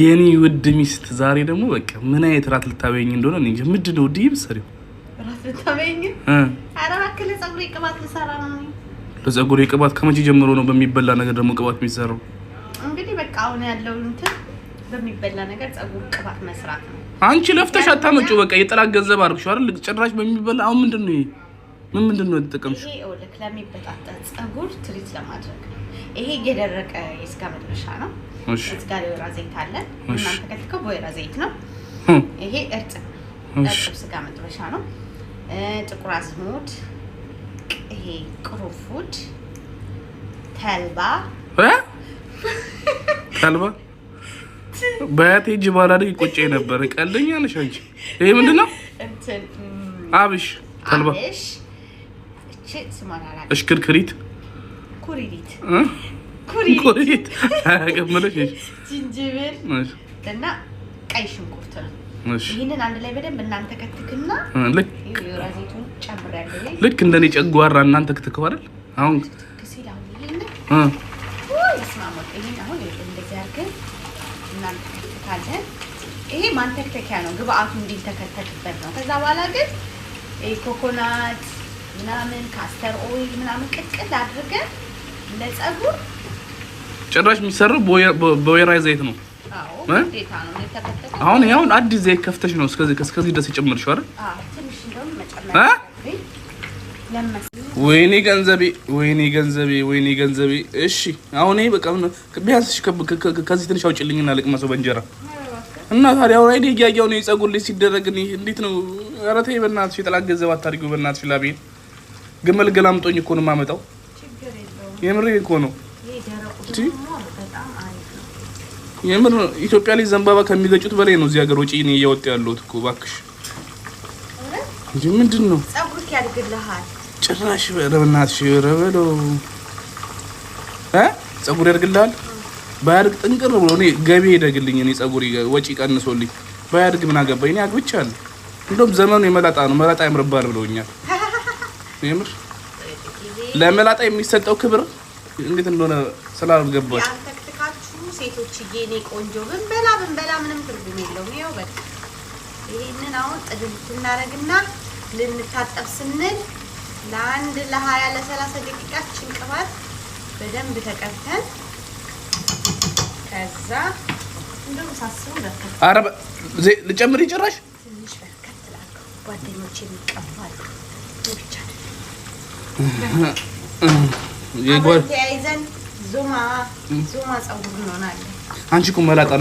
የኔ ውድ ሚስት ዛሬ ደግሞ በቃ ምን አይነት ራት ልታበኝ እንደሆነ እኔ እንጃ። ምንድን ነው ዲብ ሰሪው ራት ልታበኝ? ኧረ እባክህ ለጸጉሬ ቅባት ልሰራ ነው። ለጸጉሬ ቅባት ከመቼ ጀምሮ ነው በሚበላ ነገር ደግሞ ቅባት የሚሰራው? እንግዲህ በቃ አሁን ያለው እንትን በሚበላ ነገር ጸጉር ቅባት መስራት ነው። አንቺ ለፍተሽ አታመጪው። በቃ የጠላት ገንዘብ አድርግሽው አይደል? ጭራሽ በሚበላ አሁን ምንድን ነው ይሄ? ምን ምንድን ነው የተጠቀምሽው? ይሄ ወለክ ለሚበጣጠጥ ጸጉር ትሪት ለማድረግ ነው። ይሄ የደረቀ የስጋ መጥበሻ ነው። እሺ፣ እዚህ ጋር የወይራ ዘይት አለ። እናንተ ከተከው በወይራ ዘይት ነው። ይሄ እርጥብ እርጥብ ስጋ መጥበሻ ነው። ጥቁር አዝሙድ፣ ይሄ ቅርንፉድ፣ ተልባ ተልባ በያቴ እጅ በኋላ ላይ ቆጭ ነበር። ቀልደኛለሽ አንቺ። ይሄ ምንድን ነው? አብሽ ተልባ አብሽ እሽክርክሪት ኩሪሪት ኩሪሪት ገምለሽ እና ቀይ ሽንኩርት ነው። ይህንን አንድ ላይ በደንብ እናንተ ከትክና ልክ እንደኔ ጨጓራ እናንተ ክትከው አይደል? አሁን ይሄ ማንተክተኪያ ነው፣ ግብአቱ እንዲተከተክበት ነው። ከዛ በኋላ ግን ኮኮናት ምናምን ካስተር ኦይል ምናምን ቅቅል አድርገን ለጸጉር ጭራሽ የሚሰራው በወይራ ዘይት ነው። አሁን ያሁን አዲስ ዘይት ከፍተሽ ነው እስከዚህ እስከዚህ ድረስ የጨመርሽው አይደል? ወይኔ ገንዘቤ፣ ወይኔ ገንዘቤ፣ ወይኔ ገንዘቤ። እሺ አሁን ይሄ በቃ ቢያንስ ከዚህ ትንሽ አውጭልኝና ልቅመሰው በእንጀራ እና ታዲያ አሁን አይዲ እያያው ነው የጸጉር ልጅ ሲደረግ እንዴት ነው? ኧረ ተይ በእናትሽ የጠላት ገንዘብ አታድርጊው በእናትሽ ላቤን ግመል ገላምጦኝ እኮ ነው የማመጣው። የምር እኮ ነው የምር ኢትዮጵያ ላይ ዘንባባ ከሚገጩት በላይ ነው እዚህ ሀገር ወጪ እኔ እያወጣ ያለሁት እኮ እባክሽ። እንጂ ምንድን ነው ጸጉርክ ያድግልሃል። ጭራሽ ኧረ በእናትሽ ኧረ በለው እ ያድግልሃል። ባያድግ ጥንቅር ብሎ እኔ ገቢ ሄደግልኝ እኔ ጸጉር ወጪ ቀንሶልኝ ባያድግ ምን አገባኝ እኔ አግብቻለሁ። እንደውም ዘመኑ የመላጣ ነው መላጣ ያምርባል ብለውኛል። የምር ለመላጣ የሚሰጠው ክብር እንዴት እንደሆነ ስላልገባች ሴቶች እኔ ቆንጆ ብንበላ ብንበላ ምንም ትርጉም የለውም። ይኸው በቃ ይሄንን አሁን ጥግብ እናደርግና ልንታጠብ ስንል ለአንድ ለሀያ ለሰላሳ ደቂቃ ቅባት በደንብ ተቀብተን ከዛ እንደውም ሳስቡ አረብ ልጨምር ይጭራሽ ትንሽ በርከት ላከው ጓደኞቼ የሚቀባሉ ብቻ አንቺ እኮ መላጣ